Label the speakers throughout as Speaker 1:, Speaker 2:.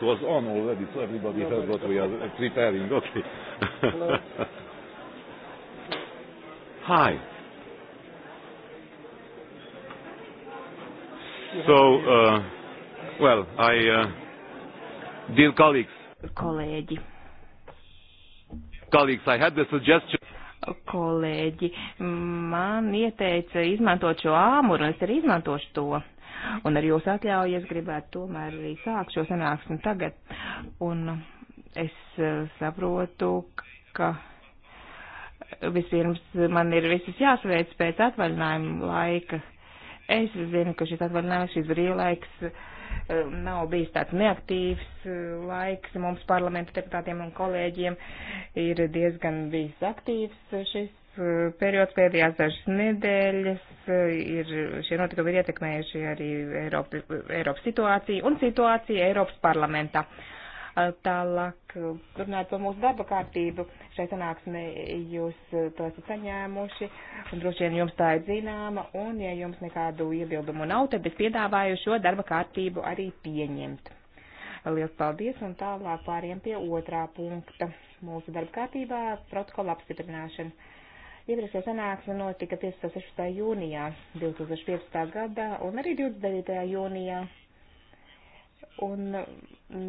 Speaker 1: it was on already, so everybody no, heard what we are preparing. Okay. Hi.
Speaker 2: So,
Speaker 3: uh, well, I, uh, dear colleagues.
Speaker 2: Kolēģi.
Speaker 3: Colleagues, I had the
Speaker 1: suggestion
Speaker 2: kolēģi man ieteica izmantot šo āmuru, un es arī izmantošu to. Un ar jūsu atļauju es gribētu tomēr arī sākt šo sanāksmi tagad. Un es eh, saprotu, ka vispirms man ir visus jāsveic pēc atvaļinājuma laika. Es zinu, ka šis atvaļinājums, šis brīvlaiks eh, nav bijis tāds neaktīvs eh, laiks mums parlamenta deputātiem un kolēģiem. Ir diezgan bijis aktīvs šis periods pēdējās dažas nedēļas ir šie notikumi ir ietekmējuši arī Eiropa, Eiropas situāciju un situāciju Eiropas parlamentā. Tālāk, runājot par mūsu darba kārtību, šai sanāksmē jūs to esat saņēmuši, un droši vien jums tā ir zināma, un ja jums nekādu iebildumu nav, tad es piedāvāju šo darba kārtību arī pieņemt. Lielas paldies, un tālāk pāriem pie otrā punkta mūsu darba kārtībā - protokola apstiprināšana. Iepriekšējā sanāksme notika 15. 16. jūnijā 2015. gadā un arī 29. jūnijā. Un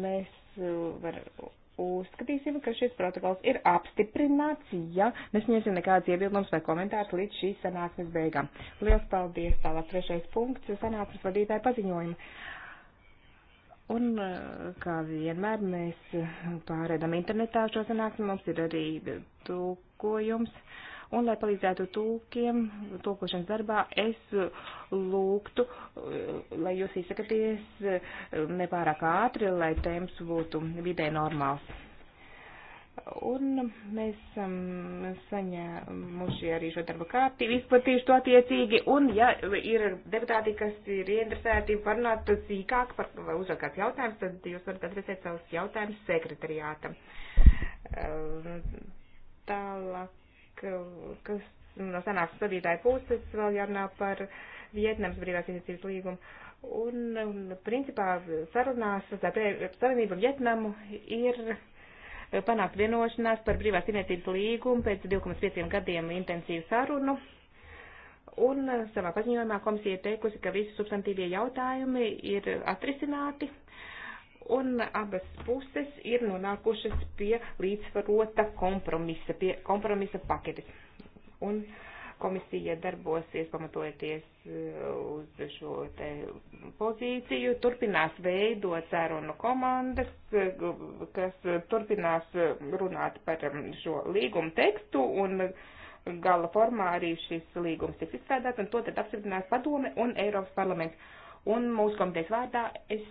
Speaker 2: mēs uh, var, uzskatīsim, ka šis protokols ir apstiprināts, ja nesniegsim nekādas iebildumus vai komentārus līdz šīs sanāksmes beigām. Lielas paldies! Tālāk trešais punkts - sanāksmes vadītāja paziņojuma. Un, uh, kā vienmēr, mēs pārēdam internetā šo sanāksmi, mums ir arī tūkojums. Uh, Un, lai palīdzētu tūkiem, tūkošanas darbā, es lūgtu, lai jūs izsakaties eh, nepārāk ātri, lai tēms būtu vidē normāls. Un mēs esam mm, um, saņēmuši arī šo darba kārtību, izplatījuši to attiecīgi, un ja ir deputāti, kas ir ieinteresēti parunāt sīkāk par uzdot kāds jautājums, tad jūs varat adresēt savus jautājumus sekretariātam. Ehm, tālāk kas no sanāksmes vadītāja puses vēl jārunā par Vietnams brīvās iniciatīvas līgumu. Un, principā, sarunās starp Savienību un Vietnamu ir panākt vienošanās par brīvās iniciatīvas līgumu pēc 2,5 gadiem intensīvu sarunu. Un savā paziņojumā komisija teikusi, ka visi substantīvie jautājumi ir atrisināti. Uh, un abas puses ir nonākušas pie līdzsvarota kompromisa, pie kompromisa paketes. Un komisija darbosies pamatojoties uh, uz šo te pozīciju, turpinās veidot sērunu komandas, uh, kas turpinās uh, runāt par um, šo līgumu tekstu un gala formā arī šis līgums tiks izstrādāts un to tad apstiprinās padome un Eiropas parlaments. Un mūsu komitejas vārdā es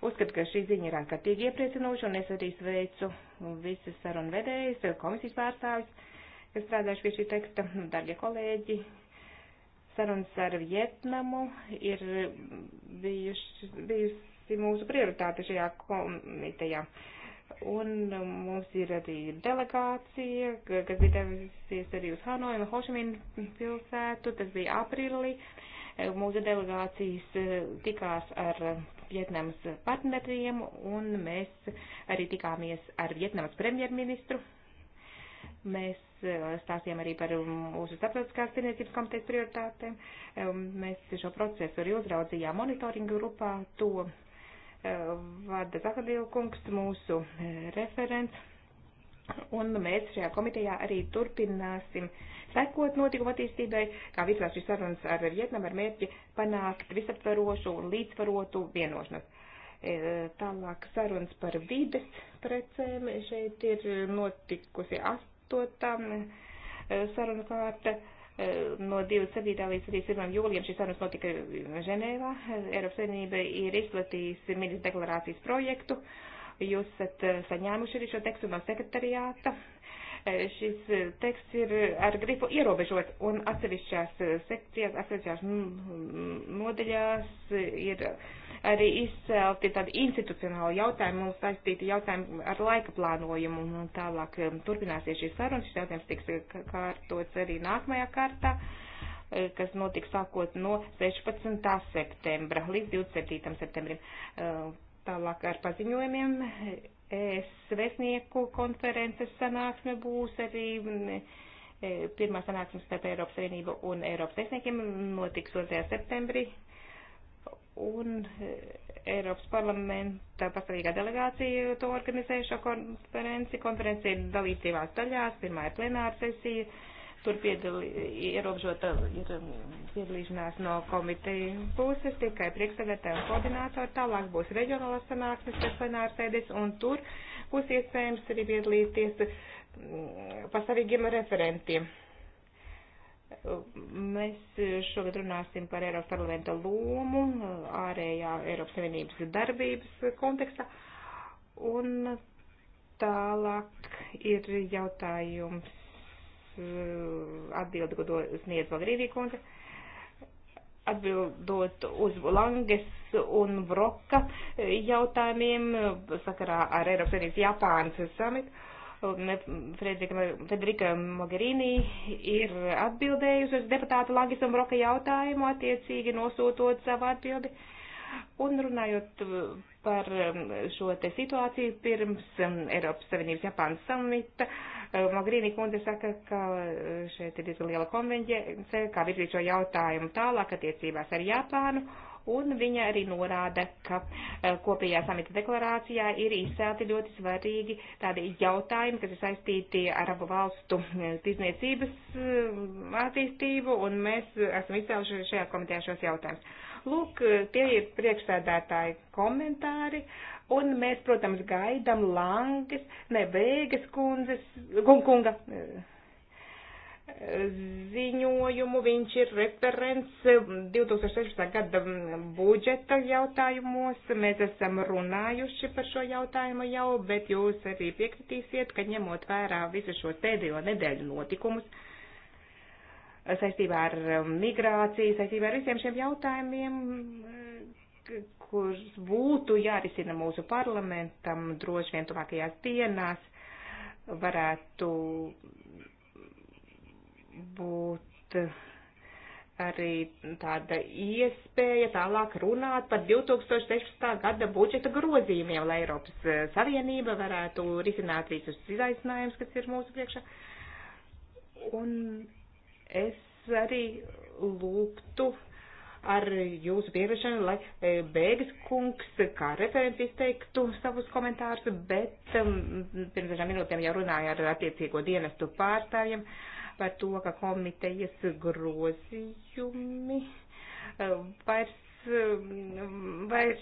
Speaker 2: Uzskatu, ka šī ziņa ir ārkārtīgi iepriecinoša, un es arī sveicu visas sarunvedējas, komisijas pārstāvis, kas strādājuši pie šī teksta, darbie kolēģi. Sarunas ar Vietnamu ir bijuši, bijusi mūsu prioritāte šajā komitejā. Un mums ir arī delegācija, kas bija devusies arī uz Hanoju un Hošiminu pilsētu. Tas bija aprīlī. Mūsu delegācijas tikās ar Vietnamas partneriem, un mēs arī tikāmies ar Vietnamas premjerministru. Mēs uh, stāstījām arī par um, mūsu starptautiskās tirniecības komitejas prioritātēm. Um, mēs šo procesu arī uzraudzījām monitoringu grupā. To uh, vada Zahadīla kungs, mūsu uh, referents Un mēs šajā komitejā arī turpināsim sekot notikuma attīstībai, kā visās šīs sarunas ar Vietnamu ar mērķi panākt visaptvarošu un līdzsvarotu vienošanos. E, tālāk sarunas par vides precēm. Šeit ir notikusi astotā e, saruna kārta. E, no 27. līdz 31. jūlijam šīs sarunas notika Ženēvā. Eiropas Savienība ir izplatījusi ministra deklarācijas projektu. Uh, Jūs esat eh, saņēmuši arī šo tekstu no sekretariāta. Eh, šis eh, teksts ir ar grifu ierobežot un atsevišķās sekcijās, atsevišķās nodeļās ir arī izcelti tādi institucionāli jautājumi, mums saistīti jautājumi ar laika plānojumu un tālāk turpināsies šīs sarunas. Šis jautājums tiks kārtots arī nākamajā kārtā kas notiks sākot no 16. septembra līdz 27. septembrim. Tālāk ar paziņojumiem svesnieku konferences sanāksme būs arī e, pirmā sanāksme starp Eiropas Savienību un Eiropas tiesniekiem notiks 2. septembrī. Un e, Eiropas parlamenta pastāvīgā delegācija to organizē šo konferenci. Konferenci ir dalīts divās daļās. Pirmā ir plenāra sesija Tur piedalī, ierobežota ir piedalīšanās no komiteju puses, tikai priekšsēdētāju un koordinātoru. Tālāk būs reģionālās sanāksmes, kas plenārsēdis, un tur būs iespējams arī piedalīties mm, pastāvīgiem referentiem. Mēs šogad runāsim par Eiropas parlamenta lomu ārējā Eiropas Savienības darbības kontekstā. Un tālāk ir jautājums atbildi, ko do, sniedz Vagrīvī kundze. Atbildot uz Langes un Broka jautājumiem sakarā ar Eiropas Savienības Japānas samitu. Eh, Federika Mogherini ir atbildējusi uz deputāta Langis un Broka jautājumu, attiecīgi nosūtot savu atbildi. Un runājot par eh, šo te situāciju pirms eh, Eiropas Savienības Japānas samita, uh, Magrīnī kundze saka, ka eh, šeit ir diezgan liela konvenģence, kā virzīt šo jautājumu tālāk attiecībās ar Japānu. Un viņa arī norāda, ka eh, kopējā samita deklarācijā ir izcelti ļoti svarīgi tādi jautājumi, kas ir saistīti ar abu valstu eh, tirzniecības attīstību, un mēs esam izcēluši šajā komitejā šos jautājumus. Lūk, tie ir priekšsēdētāji komentāri. Uh, Un mēs, protams, gaidām Langas, ne Vēgas kundzes, kunga eh, ziņojumu. Viņš ir referents 2016. Eh, gada mm, budžeta jautājumos. Mēs esam runājuši par šo jautājumu jau, bet jūs arī piekritīsiet, ka ņemot vērā visu šo pēdējo nedēļu notikumus saistībā ar eh, migrāciju, saistībā ar visiem šiem jautājumiem, kurš būtu jārisina mūsu parlamentam droši vien tuvākajās dienās, varētu būt arī tāda iespēja tālāk runāt par 2016. gada budžeta grozījumiem, lai Eiropas Savienība varētu risināt visus izaicinājumus, kas ir mūsu priekšā. Un es arī lūgtu ar jūsu pieviešanu, lai e, Bēgas kungs kā referents izteiktu savus komentārus, bet um, pirms dažām minūtēm jau runāja ar attiecīgo dienestu pārstāvjiem par to, ka komitejas grozījumi e, vairs Um, vairs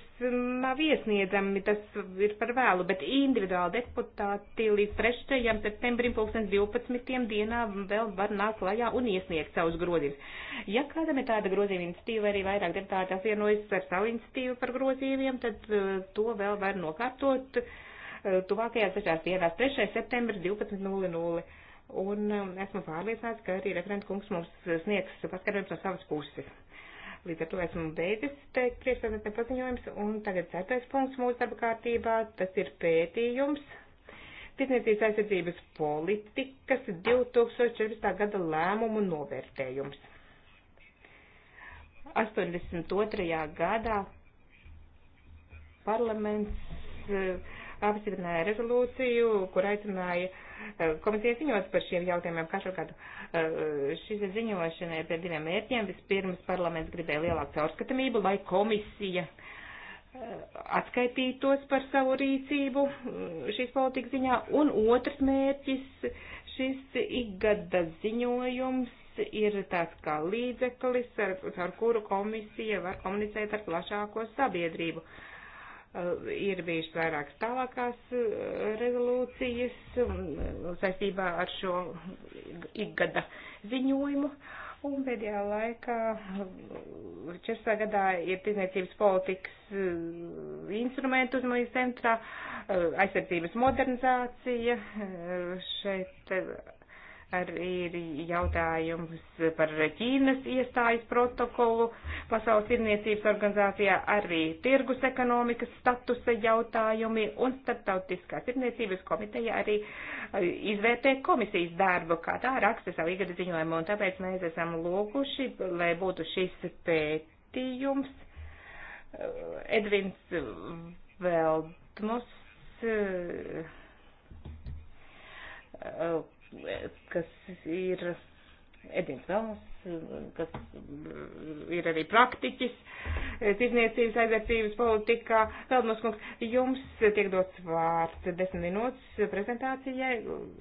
Speaker 2: nav iesniedzami, tas ir par vēlu, bet individuāli deputāti līdz 3. septembrim 2012. dienā vēl var nākt klajā un iesniegt savus grozījumus. Ja kādam ir tāda grozījuma institīva, arī vairāk deputāti apvienojas ar savu institīvu par grozījumiem, tad uh, to vēl var nokārtot uh, tuvākajās dažās dienās 3. septembris 12.00. Un um, esmu pārliecināts, ka arī referents kungs mums sniegs paskatījums no savas puses. Līdz ar to esmu beidzis teikt priekšstādātā paziņojums, un tagad ceturtais punkts mūsu darba kārtībā, tas ir pētījums Tiesniecības aizsardzības politikas 2014. gada lēmumu novērtējums. 82. gadā parlaments eh, apstiprināja rezolūciju, kur aicināja eh, komisijas ziņot par šiem jautājumiem katru gadu. Uh, Eh, šī ziņošana ir pie diviem mērķiem. Vispirms parlaments gribēja lielāku caurskatamību, lai komisija eh, atskaitītos par savu rīcību eh, šīs politikas ziņā, un otrs mērķis šis ikgada ziņojums ir tāds kā līdzeklis, ar, ar kuru komisija var komunicēt ar plašāko sabiedrību. Uh, ir bijušas vairākas tālākās e, rezolūcijas e, saistībā ar šo ikgada ziņojumu. Un pēdējā laikā, 14. gadā, ir tirdzniecības politikas e, instrumentu uzmanības centrā, aizsardzības modernizācija. Šeit arī ir jautājums par Ķīnas iestājas protokolu Pasaules tirniecības organizācijā, arī tirgus ekonomikas statusa jautājumi un starptautiskās tirniecības komiteja arī eh, izvērtē komisijas darbu, kā tā raksta savu igada ziņojumu, un tāpēc mēs esam lūguši, lai būtu šis pētījums. Eh, Edvins Veldmus eh, kas ir Edins Velns, kas ir arī praktiķis tirzniecības aizvērtības politikā. Veldmos kungs, jums tiek dots vārds desmit minūtes prezentācijai,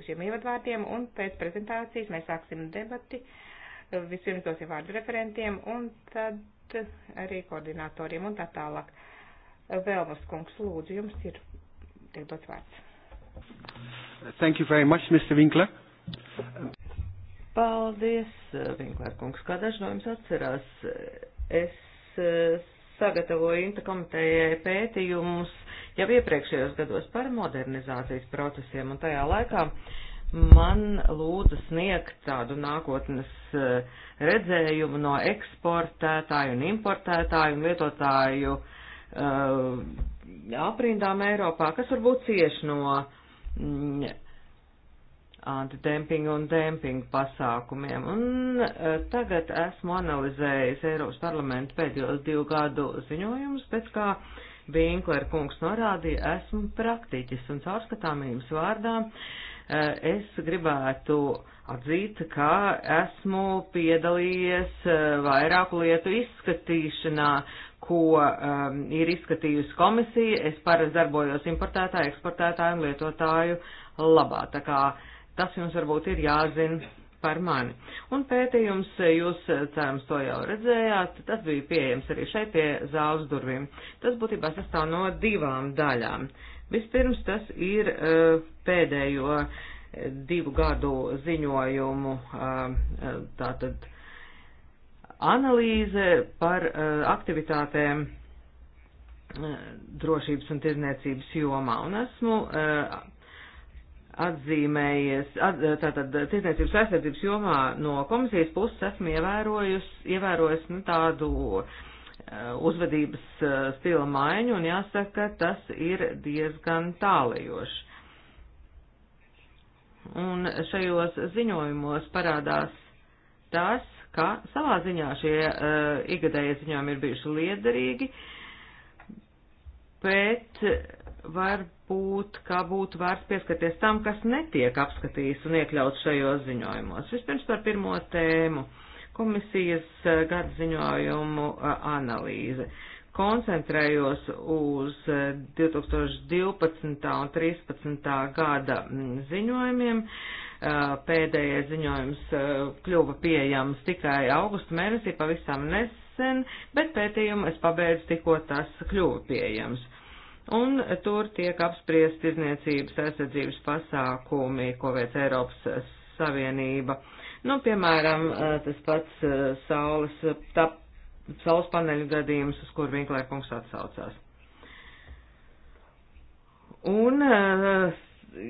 Speaker 2: šiem ievadvārdiem, un pēc prezentācijas mēs sāksim debati. Vispirms dosim vārdu referentiem, un tad arī koordinatoriem, un tā tālāk. Vēlmas kungs, lūdzu, jums ir tiek dots vārds. Thank you very much, Mr. Winkler.
Speaker 1: Paldies, Vinklēr eh, kungs. Kā daži no jums atcerās, eh, es eh, sagatavoju Inta komitejai pētījumus jau iepriekšējos gados par modernizācijas procesiem, un tajā laikā man lūdza sniegt tādu nākotnes redzējumu no eksportētāju un importētāju un lietotāju aprindām Eiropā, kas varbūt cieši no uh, antidempinga un dempinga pasākumiem. Un e, tagad esmu analizējis Eiropas parlamentu pēdējos divu gadu ziņojumus, pēc kā Vinkler kungs norādīja, esmu praktiķis un caurskatāmības vārdā e, es gribētu atzīt, ka esmu piedalījies e, vairāku lietu izskatīšanā ko um, ir izskatījusi komisija. Es parasti darbojos importētāju, eksportētāju un lietotāju labā. Tā kā tas jums varbūt ir jāzina par mani. Un pētījums, jūs cerams to jau redzējāt, tas bija pieejams arī šeit pie zāles durvīm. Tas būtībā sastāv no divām daļām. Vispirms tas ir uh, pēdējo uh, divu gadu ziņojumu uh, uh tātad analīze par uh, aktivitātēm uh, drošības un tirzniecības jomā. Un esmu uh, atzīmējies, at, tātad tirzniecības aizsardzības jomā no komisijas puses esmu ievērojis nu, tādu uzvedības stila maiņu, un jāsaka, tas ir diezgan tālajoši. Un šajos ziņojumos parādās tas, ka savā ziņā šie uh, ikgadējie ziņojumi ir bijuši liederīgi, bet varbūt, kā būtu vērts pieskarties tam, kas netiek apskatīts un iekļauts šajos ziņojumos. Vispirms par pirmo tēmu - komisijas eh, gada ziņojumu eh, analīze. Koncentrējos uz 2012. un 2013. gada mm, ziņojumiem. Uh, Pēdējais ziņojums kļuva pieejams tikai augustu mēnesī, pavisam nesen, bet pētījumu es pabeidzu tikko tas kļuva pieejams. Un tur tiek apspriest izniecības aizsardzības pasākumi, ko veic Eiropas Savienība. Nu, piemēram, tas pats saules, tā, saules paneļu gadījums, uz kur Vinklēkungs atsaucās. Un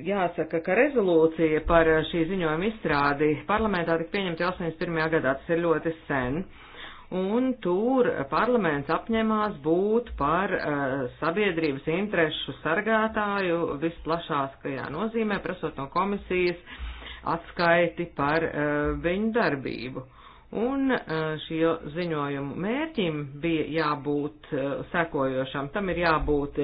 Speaker 1: jāsaka, ka rezolūcija par eh, šī ziņojuma izstrādi parlamentā tika pieņemta 81. gadā, tas ir ļoti sen. Un tur parlaments apņemās būt par uh, sabiedrības interešu sargātāju visplašākajā nozīmē, prasot no komisijas atskaiti par uh, viņu darbību. Uh, Un šī ziņojumu mērķim bija jābūt sekojošam, tam ir jābūt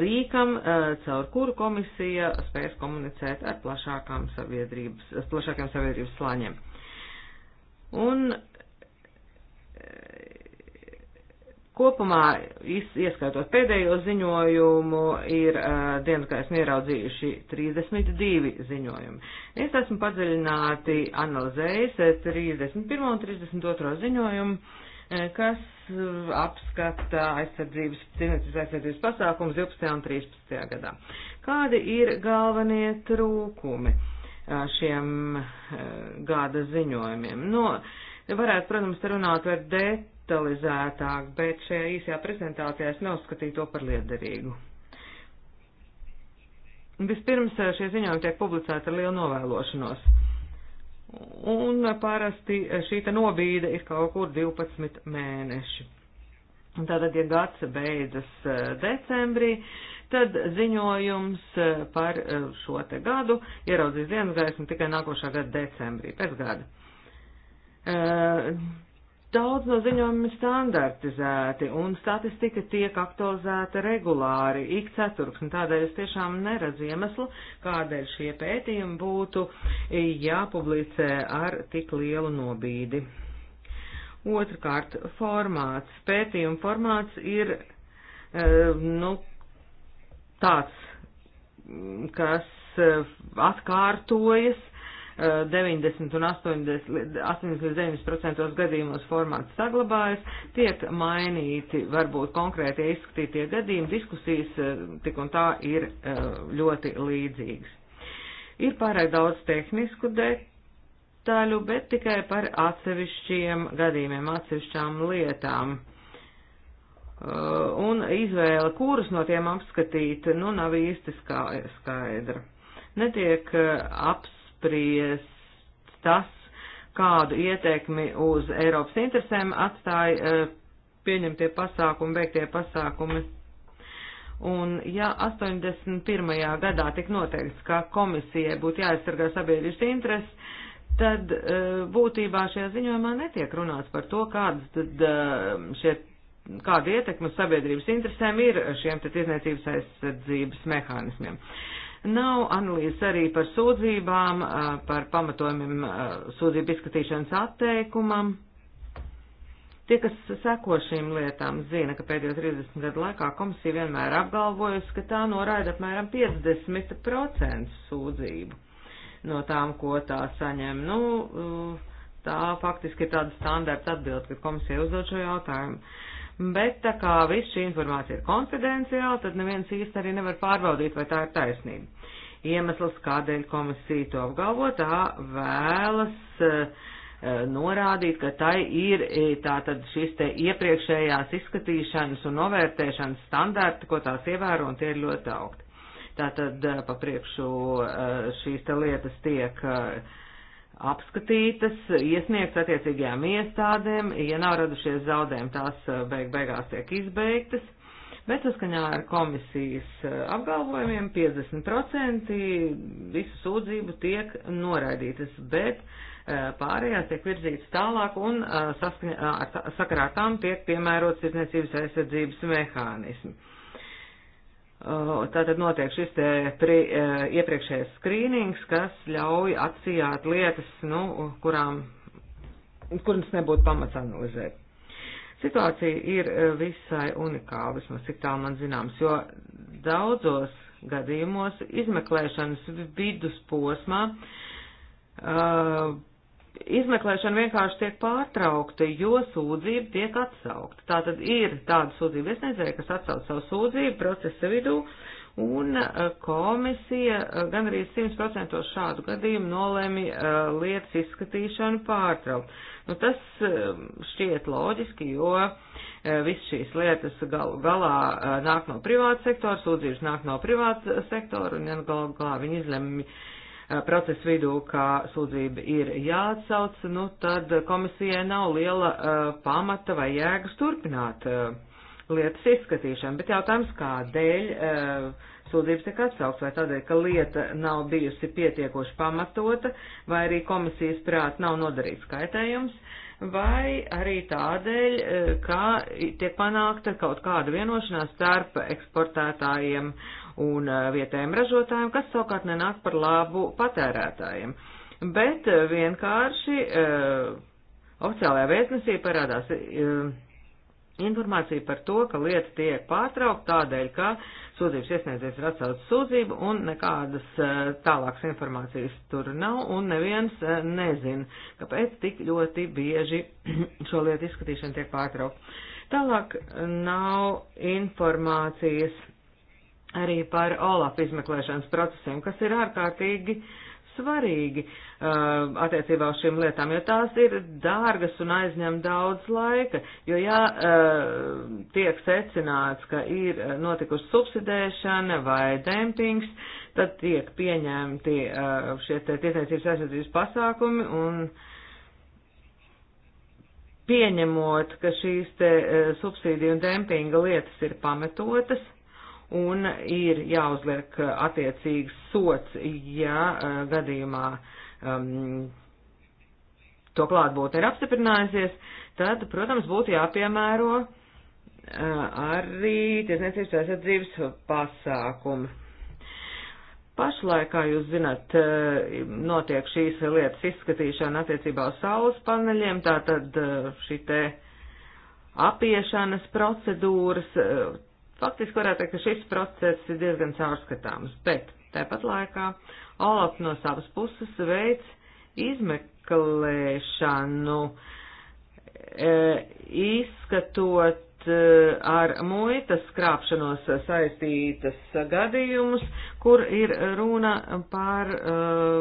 Speaker 1: rīkam, caur kuru komisija spēs komunicēt ar plašākām sabiedrības, plašākiem sabiedrības slāņiem. Un Kopumā, ieskaitot pēdējo ziņojumu, ir uh, dienasgaismu ieraudzījuši 32 ziņojumi. Es esmu padziļināti analizējis 31 un 32 ziņojumu, kas apskata aizsardzības, cilvēcības aizsardzības pasākums 12. un 13. gadā. Kādi ir galvenie trūkumi šiem uh, gada ziņojumiem? No, nu, varētu, protams, runāt par detaļu detalizētāk, bet šajā īsajā prezentācijā es neuzskatīju to par liederīgu. Vispirms eh, šie ziņojumi tiek publicēti ar lielu novēlošanos. Un parasti eh, šī te nobīde ir kaut kur 12 mēneši. Tātad, ja gads beidzas eh, decembrī, tad ziņojums par šo te gadu ieraudzīs dienas gaismu tikai nākošā gada decembrī, pēc gada. Daudz no ziņojumiem ir standartizēti, un statistika tiek aktualizēta regulāri, ik ceturksni. Tādēļ es tiešām neredzu iemeslu, kādēļ šie pētījumi būtu jāpublicē ar tik lielu nobīdi. Otrakārt, formāts. Pētījuma formāts ir, e, nu, tāds, kas e, atkārtojas 90 un 80, 80 līdz 90% gadījumos formāts saglabājas, tiek mainīti varbūt konkrētie izskatītie gadījumi, diskusijas eh, tik un tā ir eh, ļoti līdzīgas. Ir pārāk daudz tehnisku detaļu, bet tikai par atsevišķiem gadījumiem, atsevišķām lietām eh, un izvēle, kurus no tiem apskatīt, nu nav īsti skaidra. Netiek aps apspriest tas, kādu ietekmi uz Eiropas interesēm atstāja eh, pieņemtie pasākumi, veiktie pasākumi. Un ja 81. gadā tik noteikts, ka komisijai būtu jāaizsargā sabiedrības intereses, tad eh, būtībā šajā ziņojumā netiek runāts par to, kādas tad eh, šie, kāda ietekme uz sabiedrības interesēm ir šiem te tiesniecības aizsardzības mehānismiem. Uh, Nav analīzes arī par sūdzībām, par pamatojumiem sūdzību izskatīšanas atteikumam. Tie, kas seko šīm lietām, zina, ka pēdējo 30 gadu laikā komisija vienmēr apgalvojusi, ka tā noraida apmēram 50% sūdzību no tām, ko tā saņem. Nu, tā faktiski ir tāda standarta atbilde, kad komisija uzdod šo jautājumu. Uh, bet tā kā viss šī informācija ir konfidenciāla, tad neviens īsti arī nevar pārbaudīt, vai tā ir taisnība. Iemesls, kādēļ komisija to apgalvo, tā vēlas uh, norādīt, ka tai ir eh, tātad šis te iepriekšējās izskatīšanas un novērtēšanas standarti, ko tās ievēro, un tie ir ļoti augti. Tātad eh, pa priekšu šīs te lietas tiek uh, apskatītas, iesniegts attiecīgajām iestādēm, ja nav radušies zaudējumi, tās eh, beig beigās tiek izbeigtas, bet saskaņā ar komisijas eh, apgalvojumiem 50% visu sūdzību tiek noraidītas, bet eh, pārējās tiek virzītas tālāk un saskaņā, sakarā tam tiek piemērots tirdzniecības aizsardzības mehānismi. Eh, tātad notiek šis te eh, pri, eh, iepriekšējais skrīnings, kas ļauj atsijāt lietas, nu, kurām, kurams nebūtu pamats analizēt. Situācija ir visai unikāla, vismaz cik tālu man zināms, jo daudzos gadījumos izmeklēšanas vidusposmā uh, izmeklēšana vienkārši tiek pārtraukta, jo sūdzība tiek atsaukta. Tātad ir tāda sūdzība iesniedzēja, kas atsauc savu sūdzību procesa vidū, un eh, komisija gan arī 100% šādu gadījumu nolēmi eh, lietas izskatīšanu pārtraukt. Nu, tas eh, šķiet loģiski, jo viss šīs lietas gal, galā nāk no privāta sektora, sūdzības nāk no privāta sektora, un ja nu, galu galā viņi izlemj Eh, procesu vidū, kā sūdzība ir jāatsauc, nu tad komisijai nav liela uh, pamata vai jēgas turpināt uh, lietas izskatīšanu, bet jautājums, kādēļ uh, sūdzības tiek atsaukts, vai tādēļ, ka lieta nav bijusi pietiekoši pamatota, vai arī komisijas prāt nav nodarīts skaitējums, vai arī tādēļ, ka tiek panākta kaut kāda vienošanās starp eksportētājiem uh, un eh, vietējiem ražotājiem, kas savukārt nenāk par labu patērētājiem. Bet eh, vienkārši uh, oficiālajā vēstnesī parādās uh, informācija par to, ka lieta tiek pārtraukta tādēļ, ka sūdzības iesniedzējs ir atsaucis sūdzību un nekādas uh, tālākas informācijas tur nav un neviens uh, nezin, kāpēc tik ļoti bieži šo lietu izskatīšana tiek pārtraukta. Tālāk nav informācijas arī par OLAF izmeklēšanas procesiem, kas ir ārkārtīgi svarīgi uh, attiecībā uz šīm lietām, jo tās ir dārgas un aizņem daudz laika, jo jā, uh, tiek secināts, ka ir notikusi subsidēšana vai dempings, tad tiek pieņemti uh, šie tiesniecības aizsardzības pasākumi un pieņemot, ka šīs te uh, subsīdiju un dempinga lietas ir pametotas, un ir jāuzliek uh, attiecīgs sots, ja uh, gadījumā um, to klātbūtne ir apstiprinājusies, tad, protams, būtu jāpiemēro uh, arī tiesniecības aizsardzības pasākumi. Pašlaik, kā jūs zināt, uh, notiek šīs lietas izskatīšana attiecībā uz saules paneļiem, tātad šī te apiešanas procedūras, Faktiski varētu teikt, ka šis process ir diezgan caurskatāms, bet tāpat laikā Olaf no savas puses veids izmeklēšanu, e, izskatot e, ar muitas krāpšanos saistītas gadījumus, kur ir runa par uh,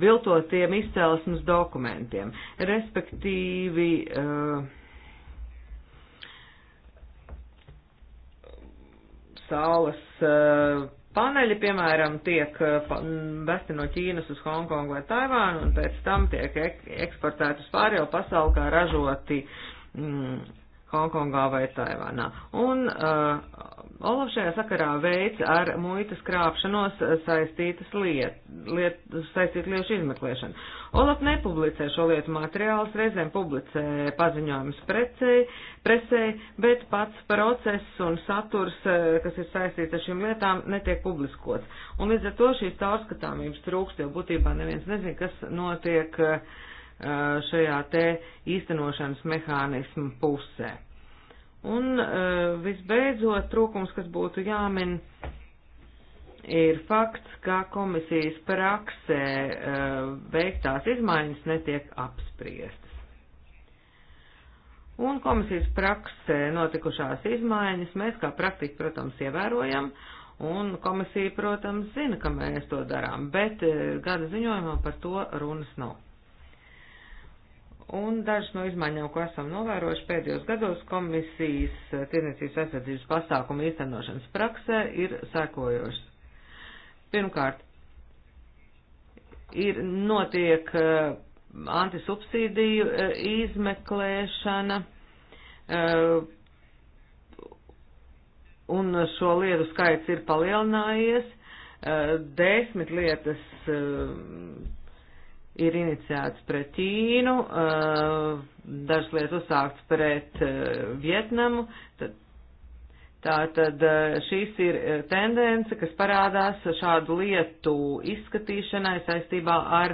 Speaker 1: viltotiem izcelsmes dokumentiem, respektīvi uh, saules eh, paneļi, piemēram, tiek eh, vesti no Ķīnas uz Hongkongu vai Taivānu un pēc tam tiek eksportēti uz pārējo pasauli kā ražoti mm, Hongkongā vai Taivānā. Un uh, Olaf šajā sakarā veids ar muitas krāpšanos saistītas liet, liet, saistīt liešu izmeklēšanu. Olaf nepublicē šo lietu materiālus, reizēm publicē paziņojumus presē, bet pats process un saturs, uh, kas ir saistīts ar šīm lietām, netiek publiskots. Un līdz ar to šīs caurskatāmības trūkst, jo būtībā neviens nezin, kas notiek uh, Eh, šajā te īstenošanas mehānismu pusē. Un eh, visbeidzot, trūkums, kas būtu jāmin, ir fakts, ka komisijas praksē eh, veiktās izmaiņas netiek apspriestas. Un komisijas praksē notikušās izmaiņas mēs kā praktiķi, protams, ievērojam, un komisija, protams, zina, ka mēs to darām, bet gada ziņojumā par to runas nav. Un dažas no izmaiņām, ko esam novērojuši pēdējos gados komisijas eh, tirnicības aizsardzības pasākumu īstenošanas praksē, ir sekojošas. Pirmkārt, ir notiek eh, antisubsīdiju eh, izmeklēšana, un šo lietu skaits ir palielinājies. Desmit lietas ir iniciēts pret Ķīnu, eh, dažas lietas uzsākts pret eh, Vietnamu. Tātad eh, šīs ir tendence, kas parādās šādu lietu izskatīšanai saistībā ar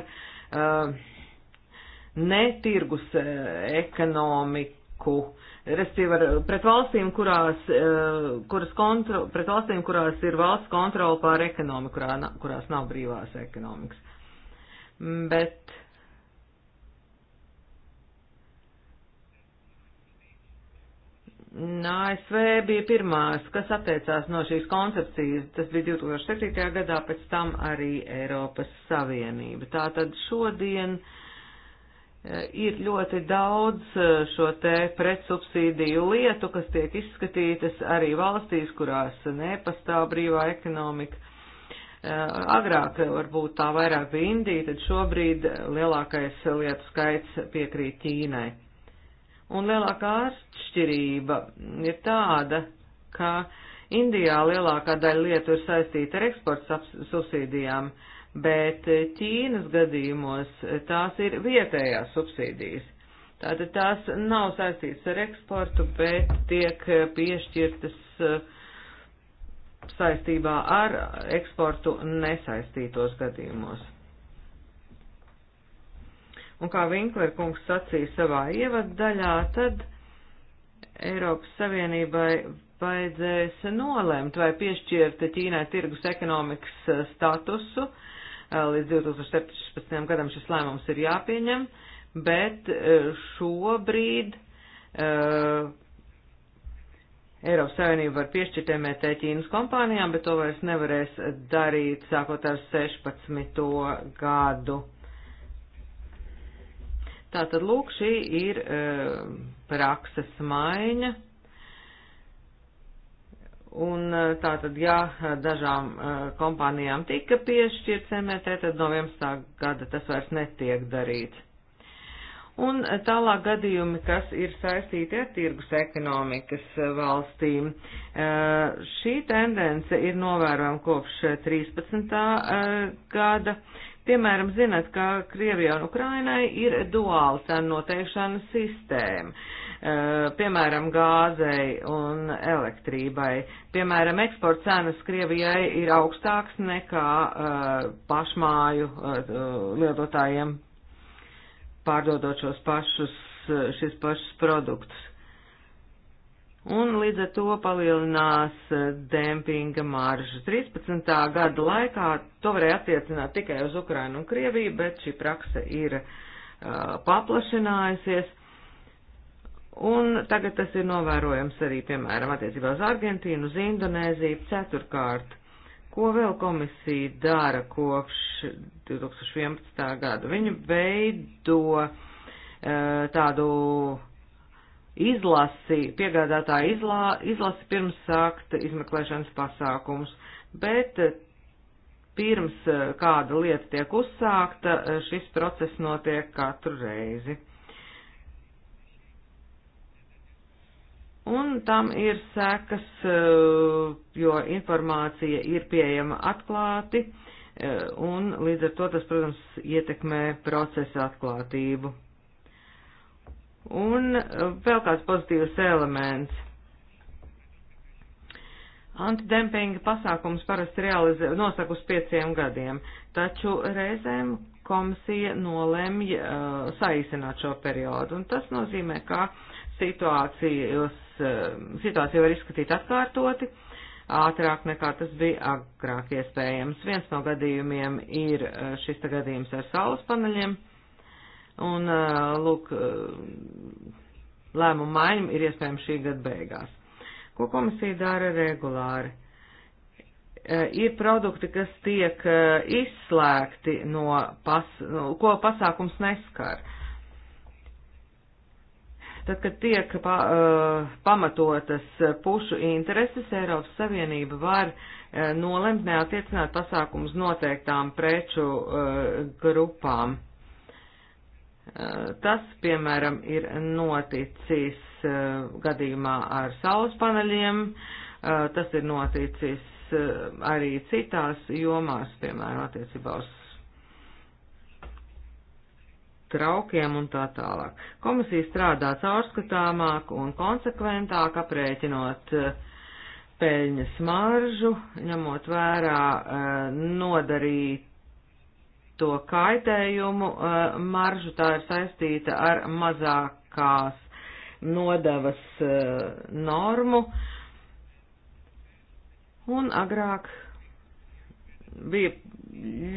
Speaker 1: netirgus ekonomiku, respektīvi pret valstīm, kurās, kuras kontro, pret valstīm, kurās ir valsts kontrola pār ekonomiku, kurā, kurās nav brīvās ekonomikas bet ASV bija pirmās, kas atteicās no šīs koncepcijas. Tas bija 2007. gadā, pēc tam arī Eiropas Savienība. Tātad šodien e, ir ļoti daudz e, šo te pretsubsīdiju lietu, kas tiek izskatītas arī valstīs, kurās nepastāv brīvā ekonomika. Eh, agrāk varbūt tā vairāk bija Indija, tad šobrīd eh, lielākais lietu skaits piekrīt Ķīnai. Un lielākā atšķirība ir tāda, ka Indijā lielākā daļa lietu ir saistīta ar eksporta subsīdijām, bet Ķīnas gadījumos tās ir vietējās subsīdijas. Tātad tās nav saistītas ar eksportu, bet tiek piešķirtas uh, saistībā ar eksportu nesaistītos gadījumos. Un kā Vinkler kungs sacīja savā ievaddaļā, tad Eiropas Savienībai vajadzēs nolēmt, vai piešķirt Ķīnai tirgus ekonomikas statusu. Līdz 2017. gadam šis lēmums ir jāpieņem, bet šobrīd uh, Eiropas Savienība var piešķirt MT Ķīnas kompānijām, bet to vairs nevarēs darīt sākot ar 16. gadu. Tātad, lūk, šī ir e, prakses maiņa. Un e, tātad, ja dažām e, kompānijām tika piešķirts MT, tad no 11. gada tas vairs netiek darīts un tālāk gadījumi, kas ir saistīti ar tirgus ekonomikas eh, valstīm. Eh, šī tendence ir novērojama kopš 13. Eh, gada. Piemēram, zinat, ka Krievijai un Ukrainai ir duāla cenu noteikšana sistēma. Piemēram, gāzei un elektrībai. Piemēram, eksporta cenas Krievijai ir augstāks nekā pašmāju lietotājiem pārdodot šos pašus, eh, šis pašus produktus. Un līdz ar to palielinās eh, dempinga maržas. 13. gada laikā to varēja attiecināt tikai uz Ukrainu un Krieviju, bet šī praksa ir uh, paplašinājusies. Un tagad tas ir novērojams arī, piemēram, attiecībā uz Argentīnu, uz Indonēziju. Ceturkārt, Ko vēl komisija dara kopš 2011. gada? Viņa veido eh, tādu izlasi, piegādātāja izlā, izlasi pirms sākt izmeklēšanas pasākums, bet eh, pirms eh, kāda lieta tiek uzsākta, šis process notiek katru reizi. un tam ir sekas, eh, jo informācija ir pieejama atklāti, eh, un līdz ar to tas, protams, ietekmē procesa atklātību. Un eh, vēl kāds pozitīvs elements. Antidempinga pasākums parasti realizē nosaka uz pieciem gadiem, taču reizēm komisija nolemj uh, saīsināt šo periodu, un tas nozīmē, ka uh, situācijas, um, situācija var izskatīt atkārtoti, ātrāk nekā tas bija agrāk iespējams. Viens no gadījumiem ir uh, šis gadījums ar saules paneļiem, un, uh, lūk, uh, lēmumu maiņu ir iespējams šī gada beigās. Ko komisija dara regulāri? ir produkti, kas tiek izslēgti no, pas, no ko pasākums neskar. Tad, kad tiek pa, uh, pamatotas pušu intereses, Eiropas Savienība var uh, nolemt neatiecināt pasākumus noteiktām preču uh, grupām. Tas, piemēram, ir noticis gadījumā ar saules paneļiem, tas ir noticis arī citās jomās, piemēram, attiecībā uz traukiem un tā tālāk. Komisija strādā caurskatāmāk un konsekventāk aprēķinot eh, peļņas maržu, ņemot vērā eh, nodarīto kaitējumu eh, maržu, tā ir saistīta ar mazākās nodevas normu. Un agrāk bija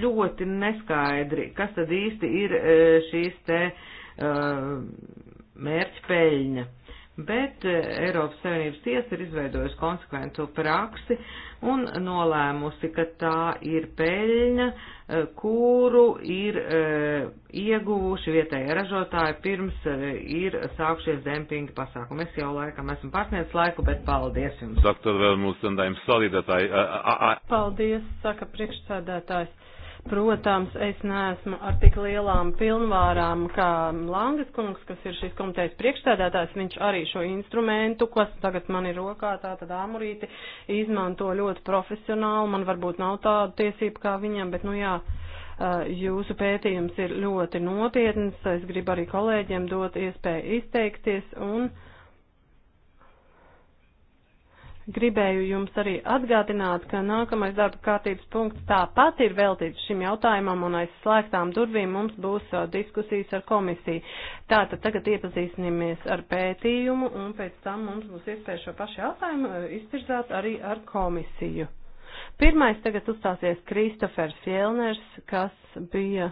Speaker 1: ļoti neskaidri, kas tad īsti ir e, šīs te e, mērķpeļņa. Bet e, Eiropas Savienības tiesa ir izveidojusi konsekventu praksi un nolēmusi, ka tā ir peļņa, uh, Eh, kuru ir eh, ieguvuši vietējie ražotāji pirms eh, ir sākušies dempinga pasākumi. Es jau laikam esmu pārsniedzis laiku, bet paldies jums.
Speaker 3: Doktor, vēl mūsu sandājums solidētāji. Paldies, saka priekšsēdētājs. Protams, es neesmu ar tik lielām pilnvārām kā Langas kungs, kas ir šīs komitejas priekšstādātājs. Viņš arī šo instrumentu, kas tagad man ir rokā, tātad āmurīti, izmanto ļoti profesionāli. Man varbūt nav tāda tiesība kā viņam, bet nu jā jūsu pētījums ir ļoti nopietns. Es gribu arī kolēģiem dot iespēju izteikties un gribēju jums arī atgādināt, ka nākamais darba kārtības punkts tāpat ir veltīts šim jautājumam un aiz slēgtām durvīm mums būs diskusijas ar komisiju. Tātad tagad iepazīstināmies ar pētījumu un pēc tam mums būs iespēja šo pašu jautājumu izcirzāt arī ar komisiju. Pirmais tagad uzstāsies Kristofers Fjellners, kas bija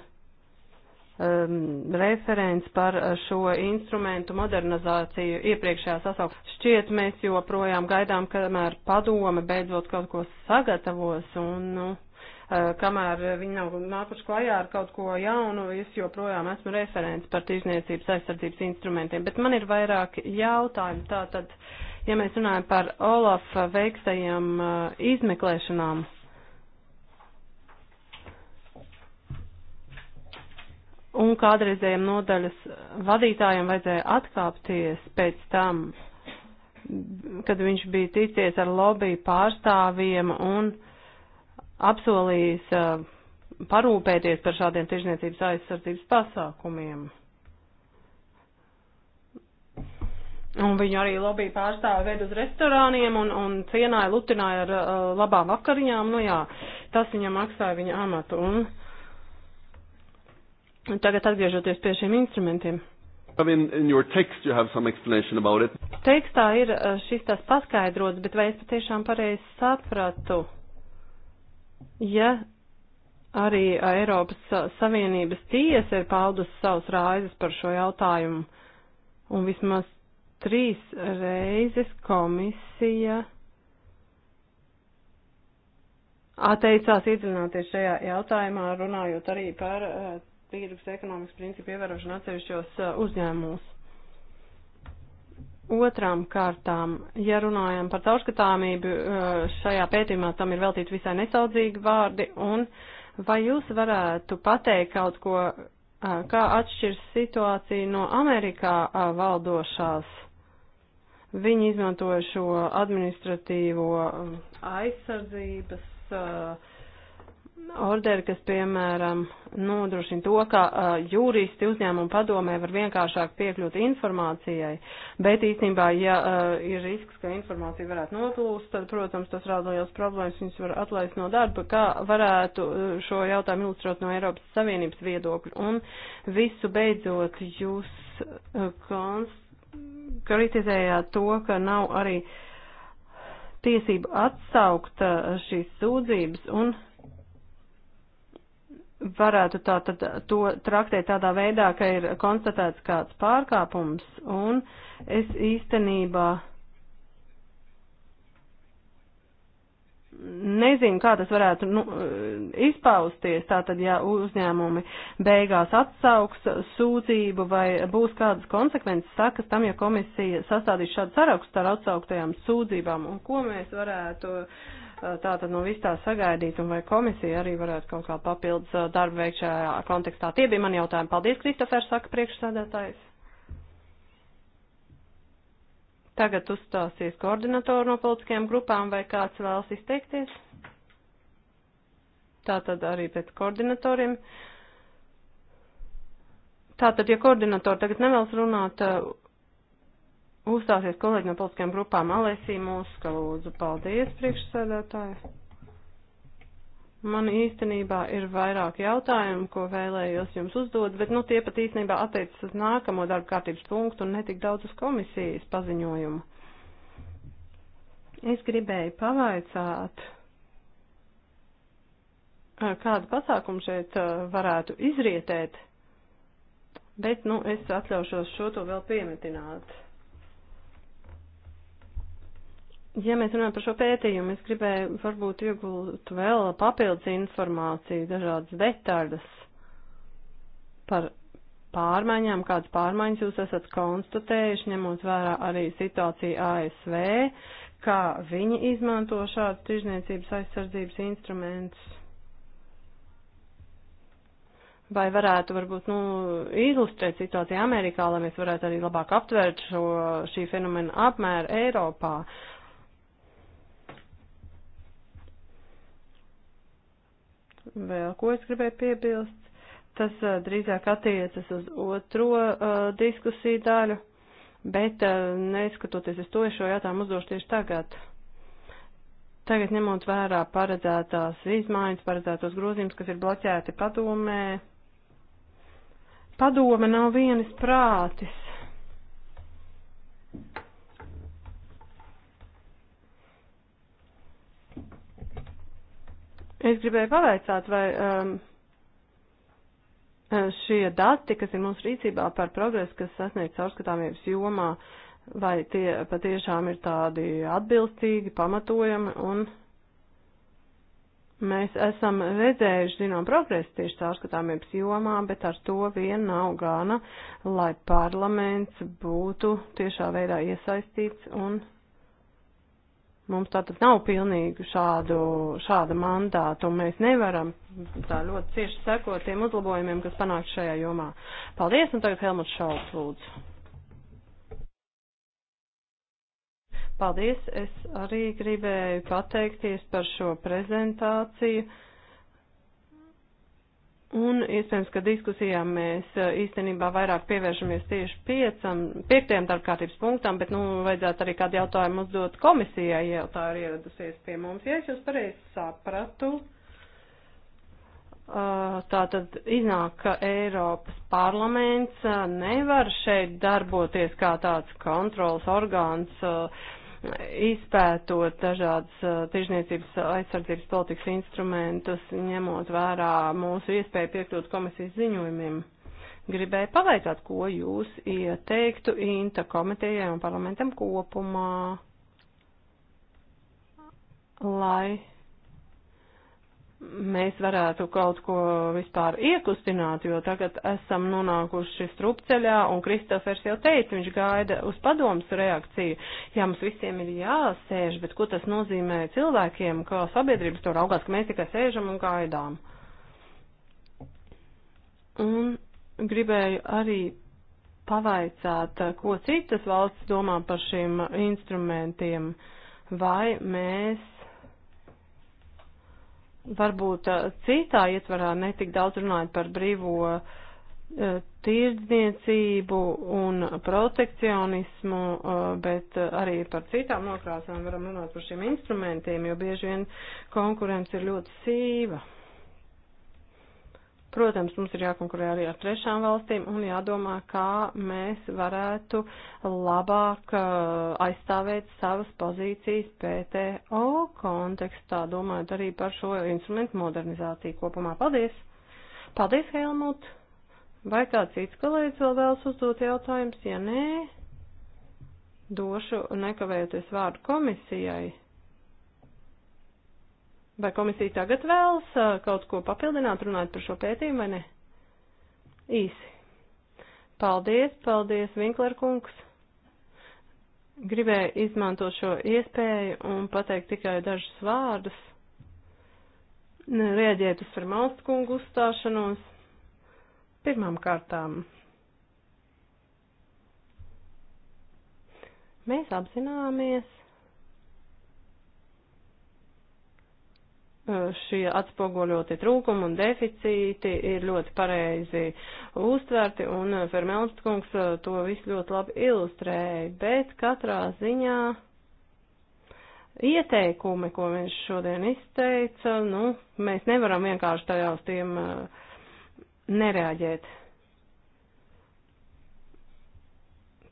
Speaker 3: um, referents par šo instrumentu modernizāciju iepriekšējā sasaukumā. Šķiet, mēs joprojām gaidām, kamēr padome beidzot kaut ko sagatavos un, nu, uh, kamēr viņi nav nākuši klajā ar kaut ko jaunu, es joprojām esmu referents par tīrzniecības aizsardzības instrumentiem, bet man ir vairāk jautājumu. Tātad, ja mēs runājam par Olafa veiktajām uh, izmeklēšanām, un kādreizējiem nodaļas vadītājiem vajadzēja atkāpties pēc tam, kad viņš bija ticies ar lobby pārstāvjiem un apsolījis uh, parūpēties par šādiem tirzniecības aizsardzības pasākumiem. Un viņu arī lobby pārstāvi ved uz restorāniem un, un cienāja, lutināja ar uh, labām vakariņām. Nu jā, tas viņam maksāja viņa amatu. Un, uh, Tagad atgriežoties pie šiem instrumentiem. I mean, in your text you have some explanation about it. Tekstā ir uh, šis tās paskaidrots, bet vai es patiešām pareizi sapratu, ja arī uh, Eiropas uh, Savienības tiesa ir paudus savus raizes par šo jautājumu, un vismaz trīs reizes komisija atteicās iedziļināties šajā jautājumā, runājot arī par tirgus ekonomikas principu ievērošanu atsevišķos eh, uzņēmumus. Otrām kārtām, ja runājam par caurskatāmību, eh, šajā pētījumā tam ir veltīti visai nesaudzīgi vārdi, un vai jūs varētu pateikt kaut ko, eh, kā atšķirs situācija no Amerikā valdošās? Viņi izmantoja šo administratīvo aizsardzības uh, orderi, kas, piemēram, nodrošina to, ka uh, juristi uzņēmumu padomē var vienkāršāk piekļūt informācijai, bet īstenībā, ja uh, ir risks, ka informācija varētu noplūst, tad, protams, tas rada liels problēmas, viņas var atlaist no darba, kā varētu šo jautājumu ilustrot no Eiropas Savienības viedokļa. Un visu beidzot, jūs uh, kritizējāt to, ka nav arī tiesību atsaukt šīs sūdzības un varētu tā tad to traktēt tādā veidā, ka ir konstatēts kāds pārkāpums, un es īstenībā nezinu, kā tas varētu nu, izpausties, tātad, ja uzņēmumi beigās atsauks sūdzību vai būs kādas konsekvences sakas tam, ja komisija sastādīs šādu sarakstu ar atsauktajām sūdzībām, un ko mēs varētu uh, Eh, tātad no vis tā sagaidīt un vai komisija arī varētu kaut kā papildus eh, darbu veikt šajā kontekstā. Tie bija mani jautājumi. Paldies, Kristofer, saka priekšsēdētājs. Tagad uzstāsies koordinatori no politiskajām grupām vai kāds vēlas izteikties. Tātad arī pēc koordinatoriem. Tātad, ja koordinatori tagad nevēlas runāt, eh, Uzstāsies kolēģi no politiskajām grupām Alēsī mūsu, ka lūdzu paldies priekšsēdētāji. Man īstenībā ir vairāk jautājumu, ko vēlējos jums uzdot, bet nu, tie pat īstenībā attiecas uz nākamo darba kārtības punktu un netik daudz uz komisijas paziņojumu. Es gribēju pavaicāt, kādu pasākumu šeit varētu izrietēt, bet nu, es atļaušos šo to vēl piemetināt. Ja mēs runājam par šo pētījumu, es gribēju varbūt iegūt vēl papildus informāciju, dažādas detaļas par pārmaiņām, kādas pārmaiņas jūs esat konstatējuši, ņemot vērā arī situāciju ASV, kā viņi izmanto šādu tirzniecības aizsardzības instrumentus. Vai varētu varbūt nu, ilustrēt situāciju Amerikā, lai mēs varētu arī labāk aptvērt šo šī fenomena apmēru Eiropā vēl ko es gribēju piebilst. Tas uh, drīzāk attiecas uz otro uh, diskusiju daļu, bet uh, neskatoties uz to, es šo jautājumu uzdošu tieši tagad. Tagad ņemot vērā paredzētās izmaiņas, paredzētos grozījumus, kas ir bloķēti padomē, padome nav vienas prātis Es gribēju pavaicāt, vai um, uh, šie dati, kas ir mūsu rīcībā par progresu, kas sasniegts caurskatāmības jomā, vai tie patiešām ir tādi atbilstīgi, pamatojami un mēs esam redzējuši, zinām, progresu tieši caurskatāmības jomā, bet ar to vien nav gana, lai parlaments būtu tiešā veidā iesaistīts un Mums tātad nav pilnīgi šādu, šāda mandāta, un mēs nevaram tā ļoti cieši sekot tiem uzlabojumiem, kas panāk šajā jomā. Paldies, un tagad Helmuts Šauks lūdzu. Paldies, es arī gribēju pateikties par šo prezentāciju. Uh, Un iespējams, ka diskusijā mēs e, īstenībā vairāk pievēršamies tieši piecam, piektajam darbkārtības punktam, bet, nu, vajadzētu arī kādu jautājumu uzdot komisijai, ja tā ir ieradusies pie mums. Ja es jūs pareizi sapratu, e, tā tad iznāk, ka Eiropas parlaments e, nevar šeit darboties kā tāds kontrols orgāns, uh, izpētot dažādas uh, tirzniecības uh, aizsardzības politikas instrumentus, ņemot vērā mūsu iespēju piekļūt komisijas ziņojumiem. Gribēju pavaicāt, ko jūs ieteiktu INTA komitejai un parlamentam kopumā, lai mēs varētu kaut ko vispār iekustināt, jo tagad esam nonākuši strupceļā, un Kristofers jau teica, viņš gaida uz padomus reakciju. Jā, mums visiem ir jāsēž, bet ko tas nozīmē cilvēkiem, kā sabiedrības to raugās, ka mēs tikai sēžam un gaidām? Un gribēju arī pavaicāt, ko citas valsts domā par šiem instrumentiem, vai mēs varbūt citā ietvarā netik daudz runājot par brīvo tirdzniecību un protekcionismu, bet arī par citām nokrāsām varam runāt par šiem instrumentiem, jo bieži vien konkurence ir ļoti sīva. Protams, mums ir jākonkurē arī ar trešām valstīm un jādomā, kā mēs varētu labāk eh, aizstāvēt savas pozīcijas PTO kontekstā, domājot arī par šo instrumentu modernizāciju kopumā. Paldies! Paldies, Helmut! Vai kāds cits kolēģis vēl vēlas uzdot jautājumus? Ja nē, došu nekavējoties vārdu komisijai. Vai komisija tagad vēlas uh, kaut ko papildināt, runāt par šo pētījumu vai ne? Īsi. Paldies, paldies, Vinkler kungs. Gribēju izmantot šo iespēju un pateikt tikai dažus vārdus. Rēģēt uz Fermalstu kungu uzstāšanos. Pirmām kārtām. Mēs apzināmies, šie atspoguļotie trūkumi un deficīti ir ļoti pareizi uztverti, un Fermelstkungs to visu ļoti labi ilustrēja, bet katrā ziņā ieteikumi, ko viņš šodien izteica, nu, mēs nevaram vienkārši tajā uz tiem nereaģēt.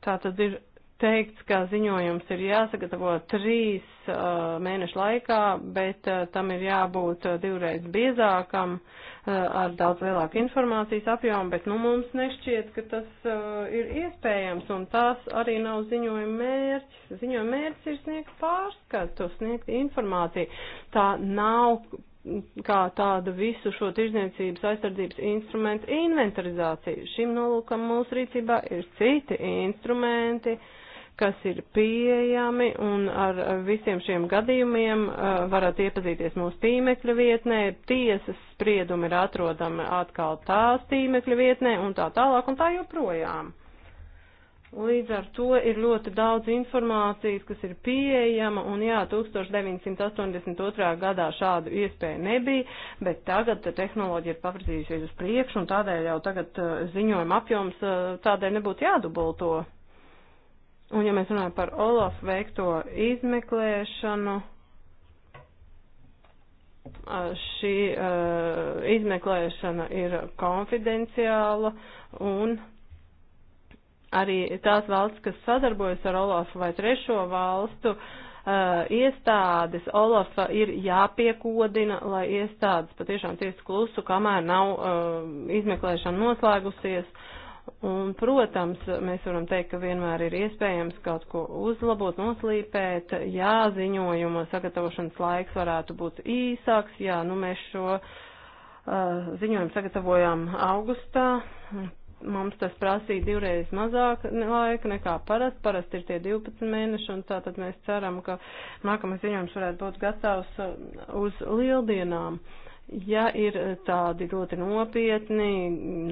Speaker 3: Tā tad ir teikts, ka ziņojums ir jāsagatavo trīs uh, mēnešu laikā, bet uh, tam ir jābūt uh, divreiz biezākam, uh, ar daudz lielāku informācijas apjomu, bet nu, mums nešķiet, ka tas uh, ir iespējams, un tās arī nav ziņojuma mērķis. Ziņojuma mērķis ir sniegt pārskatu, sniegt informāciju. Tā nav kā tādu visu šo tirzniecības aizsardzības instrumentu inventarizāciju. Šim nolūkam mūsu rīcībā ir citi instrumenti, uh, kas ir pieejami, un ar visiem šiem gadījumiem uh, varat iepazīties mūsu tīmekļa vietnē. Tiesas spriedumi ir atrodami atkal tās tīmekļa vietnē un tā tālāk un tā joprojām. Līdz ar to ir ļoti daudz informācijas, kas ir pieejama, un jā, 1982. gadā šādu iespēju nebija, bet tagad tehnoloģija ir pavirzījusies uz priekšu, un tādēļ jau tagad uh, ziņojuma apjoms uh, tādēļ nebūtu jādubulto. Un ja mēs runājam par Olafu veikto izmeklēšanu, šī uh, izmeklēšana ir konfidenciāla un arī tās valsts, kas sadarbojas ar Olafu vai trešo valstu, uh, iestādes Olafa ir jāpiekodina, lai iestādes patiešām tiesu klusu, kamēr nav uh, izmeklēšana noslēgusies Un, protams, mēs varam teikt, ka vienmēr ir iespējams kaut ko uzlabot, noslīpēt, jā, ziņojuma sagatavošanas laiks varētu būt īsāks, jā, nu mēs šo uh, ziņojumu sagatavojām augustā, mums tas prasīja divreiz mazāk laika nekā parasti. Parasti ir tie 12 mēneši, un tātad mēs ceram, ka nākamais ziņojums varētu būt gatavs uh, uz lieldienām. Uh, Ja ir eh, tādi ļoti nopietni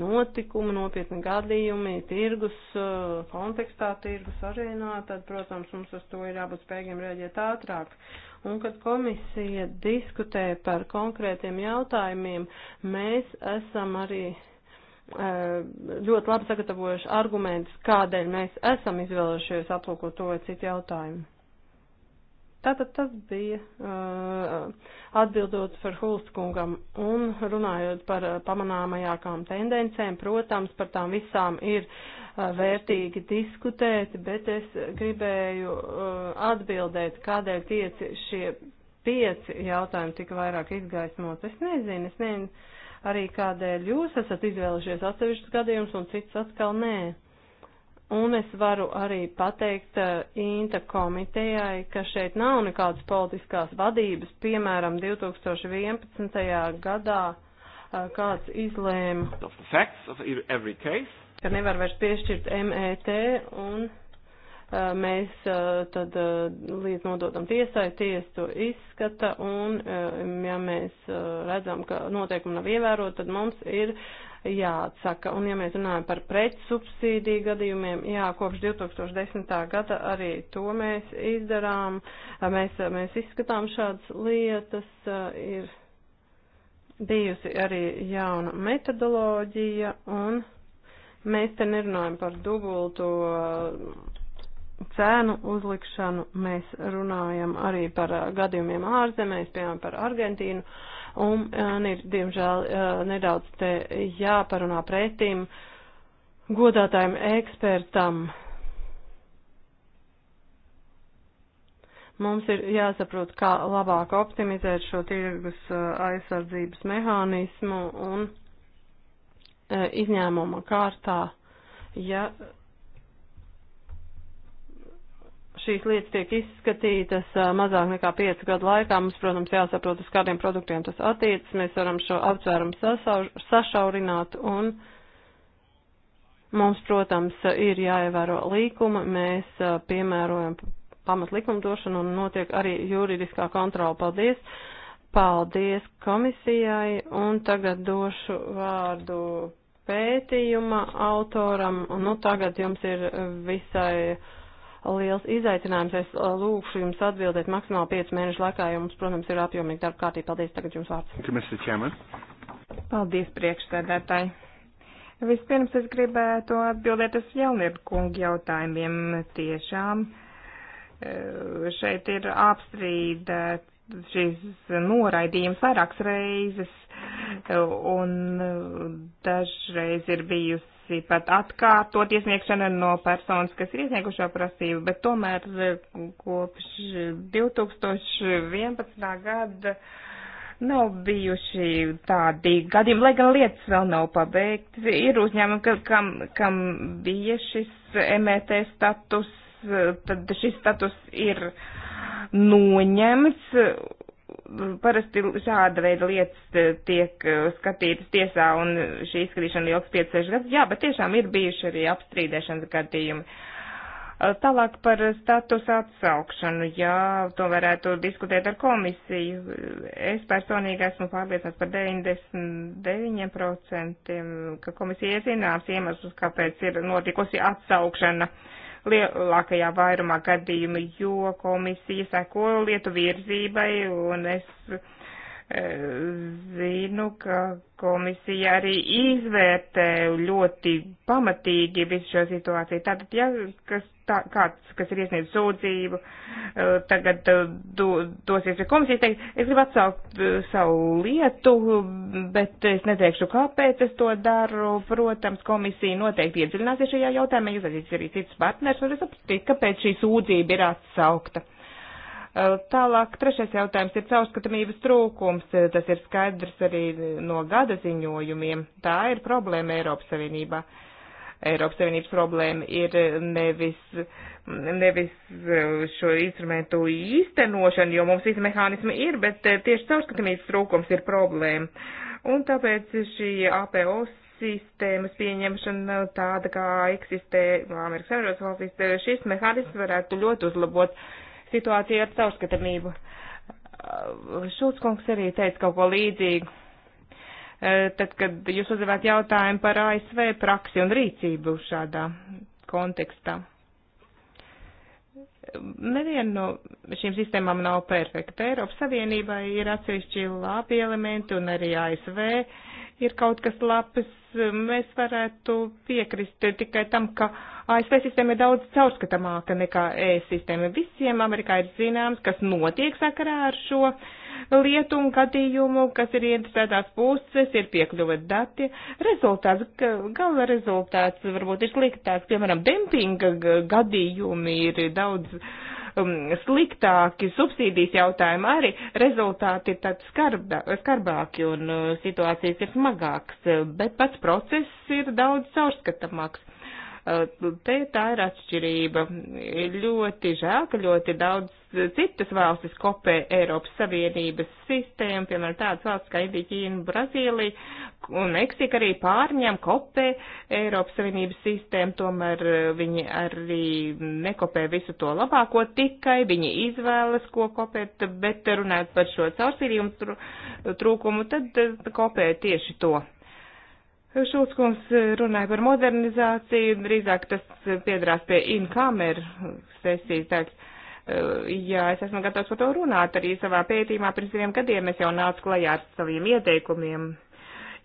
Speaker 3: notikumi, nopietni gadījumi, tirgus, eh, kontekstā tirgus arēnā, tad, protams, mums uz to ir jābūt spējīgiem rēģēt ātrāk. Un, kad komisija diskutē par konkrētiem jautājumiem, mēs esam arī eh, ļoti labi sagatavojuši argumentus, kādēļ mēs esam izvēlušies aplūkot to vai citu jautājumu. Tātad tas bija uh, atbildot par Hulskungam un runājot par uh, pamanāmajākām tendencēm. Protams, par tām visām ir uh, vērtīgi diskutēt, bet es gribēju uh, atbildēt, kādēļ tieci šie pieci jautājumi tik vairāk izgaismot. Es nezinu, es nezinu arī kādēļ jūs esat izvēlušies atsevišķus gadījumus un cits atkal nē. Un es varu arī pateikt eh, Inta komitejai, ka šeit nav nekādas politiskās vadības. Piemēram, 2011. gadā eh, kāds izlēma, ka nevar vairs piešķirt MET un eh, mēs tad līdz nododam tiesai, tiesa to izskata, un ja mēs redzam, ka noteikumi nav ievēroti, tad mums ir jāatsaka. Un ja mēs runājam par pretsubsīdiju gadījumiem, jā, kopš 2010. gada arī to mēs izdarām, mēs, mēs izskatām šādas lietas, ir bijusi arī jauna metodoloģija un mēs te nerunājam par dubultu cēnu uzlikšanu, mēs runājam arī par gadījumiem ārzemēs, piemēram, par Argentīnu. Uh, un man eh, ir, diemžēl, eh, nedaudz te jāparunā pretīm godātājiem ekspertam. Mums ir jāsaprot, kā labāk optimizēt šo tirgus eh, aizsardzības mehānismu un izņēmuma kārtā, ja šīs lietas tiek izskatītas mazāk nekā piecu gadu laikā, mums, protams, jāsaprot, uz kādiem produktiem tas attiecas, mēs varam šo aptvērumu sašaurināt un mums, protams, ir jāievēro līkuma, mēs piemērojam pamatlikumdošanu un notiek arī juridiskā kontrola. Paldies! Paldies komisijai un tagad došu vārdu pētījuma autoram. Nu, tagad jums ir visai liels izaicinājums. Es uh, lūkšu jums atbildēt maksimāli 5 mēnešu laikā, jo mums, protams, ir apjomīgi darba kārtība. Paldies, tagad jums
Speaker 2: vārds. Paldies, priekšsēdētāji. Vispirms es gribētu atbildēt uz Jelnieku kungu jautājumiem. Tiešām eh, šeit ir apstrīdēt šīs noraidījums vairākas reizes, eh, un eh, dažreiz ir bijusi prasība, pat atkārtot iesniegšana no personas, kas ir iesniegušo prasību, bet tomēr eh, kopš 2011. Eh, gada nav bijuši tādi gadījumi, lai gan lietas vēl nav pabeigts. Ir uzņēmumi, kam, kam bija šis MET status, eh, tad šis status ir noņemts parasti šāda veida lietas eh, tiek eh, skatītas tiesā, un šī izskatīšana ilgs 5-6 gadus. Jā, bet tiešām ir bijuši arī apstrīdēšanas gadījumi. Eh, tālāk par statusu atsaukšanu, jā, to varētu diskutēt ar komisiju. Es personīgi esmu pārliecināts par 99%, ka komisija ir zināms iemesls, kāpēc ir notikusi atsaukšana. Uh, lielākajā vairumā gadījumu, jo komisija seko lietu virzībai un es E, zinu, ka komisija arī izvērtē ļoti pamatīgi visu šo situāciju. Tātad, ja kas, tā, kāds, kas ir iesniedzis sūdzību, e, tagad e, do, dosies pie komisijas, teikt, es gribu atsaukt savu lietu, bet es neteikšu, kāpēc es to daru. Protams, komisija noteikti iedziļināsies šajā jautājumā, iesaistīs arī cits partners, un es saprotu, kāpēc šī sūdzība ir atsaukta. Tālāk, trešais jautājums ir caurskatāmības trūkums. Tas ir skaidrs arī no gada ziņojumiem. Tā ir problēma Eiropas Savienībā. Eiropas Savienības problēma ir nevis, nevis šo instrumentu īstenošana, jo mums visi mehānismi ir, bet tieši caurskatāmības trūkums ir problēma. Un tāpēc šī APO sistēmas pieņemšana tāda, kā eksistē Amerikas Savienotās valstīs, šis mehānisms varētu ļoti uzlabot situāciju ar caurskatamību. Uh, Šūts kungs arī teica kaut ko līdzīgu. Uh, tad, kad jūs uzdevāt jautājumu par ASV praksi un rīcību šādā kontekstā. Neviena no šīm sistēmām nav perfekta. Eiropas Savienībai ir atsevišķi labi elementi un arī ASV ir kaut kas labs, mēs varētu piekrist tikai tam, ka ASV sistēma ir daudz caurskatāmāka nekā ES sistēma. Visiem Amerikā ir zināms, kas notiek sakarā ar šo lietu un gadījumu, kas ir interesētās puses, ir piekļuva dati. Rezultāts, gala rezultāts varbūt ir sliktāks, piemēram, dempinga gadījumi ir daudz um, sliktāki, subsīdijas jautājumi arī rezultāti ir tāds skarbda, skarbāki un uh, situācijas ir smagāks, uh, bet pats process ir daudz caurskatāmāks. Eh, te tā ir atšķirība. Ļoti žēl, ka ļoti daudz citas valstis kopē Eiropas Savienības sistēmu, piemēram, tādas valsts kā Indija, Ķīna, Brazīlija un Meksika arī pārņem, kopē Eiropas Savienības sistēmu, tomēr eh, viņi arī nekopē visu to labāko tikai, viņi izvēlas, ko kopēt, bet runājot par šo caurspīdījumu trūkumu, tad eh, kopē tieši to. Šulskums eh, runāja par modernizāciju, drīzāk tas eh, piedrās pie in-kameru sesijas. Tāds. Eh, jā, es esmu gatavs par to runāt arī savā pētījumā pirms diviem gadiem. Es jau nācu klajā ar saviem ieteikumiem.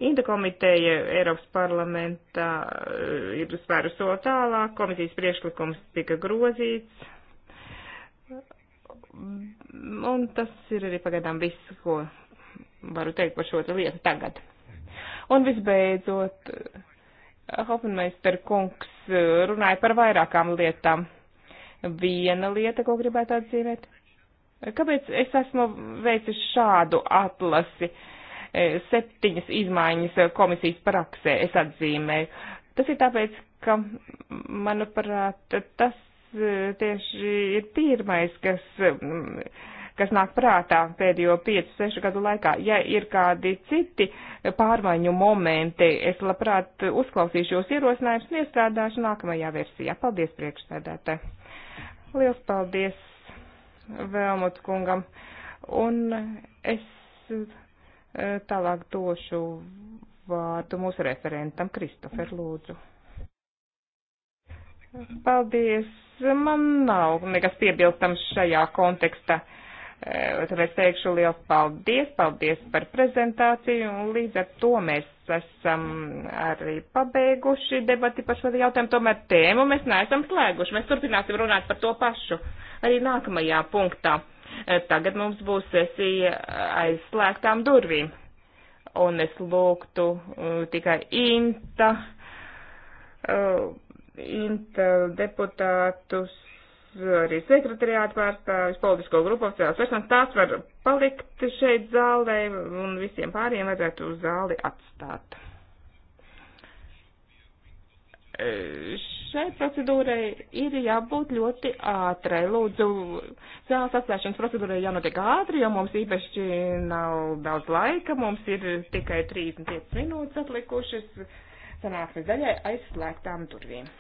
Speaker 2: Inta komiteja Eiropas parlamentā ir spēru so tālāk, komisijas priekšlikums tika grozīts. Un tas ir arī pagaidām viss, ko varu teikt par šo lietu tagad. Un visbeidzot, Hofmeister kungs eh, runāja par vairākām lietām. Viena lieta, ko gribētu atzīmēt. Kāpēc es esmu veicis šādu atlasi? Eh, septiņas izmaiņas komisijas praksē es atzīmēju. Tas ir tāpēc, ka, manuprāt, tas eh, tieši ir pirmais, kas mm, kas nāk prātā pēdējo 5-6 gadu laikā. Ja ir kādi citi pārmaiņu momenti, es labprāt uzklausīšu jūs ierosinājumus un iestrādāšu nākamajā versijā. Paldies priekšsēdētāji. Liels paldies Vēlmuts kungam. Un es eh, tālāk došu vārdu mūsu referentam Kristofer Lūdzu. Paldies. Man nav nekas piebilstams šajā kontekstā. Eh, Tāpēc teikšu liels paldies, paldies par prezentāciju, un līdz ar to mēs esam arī pabeiguši debati par šo jautājumu. Tomēr tēmu mēs neesam slēguši, mēs turpināsim runāt par to pašu arī nākamajā punktā. Eh, tagad mums būs sesija aizslēgtām durvīm, un es lūgtu eh, tikai Inta, Inta deputātus arī sekretariātu pārstāvis, politisko grupu oficiāls personas, tās var palikt šeit zālē un visiem pāriem vajadzētu zāli atstāt. E, šai procedūrai ir jābūt ļoti ātrai. Lūdzu, zāles atklāšanas procedūrai jānotiek ātri, jo mums īpaši nav daudz laika, mums ir tikai 35 minūtes atlikušas sanāksmes daļai aizslēgtām durvīm.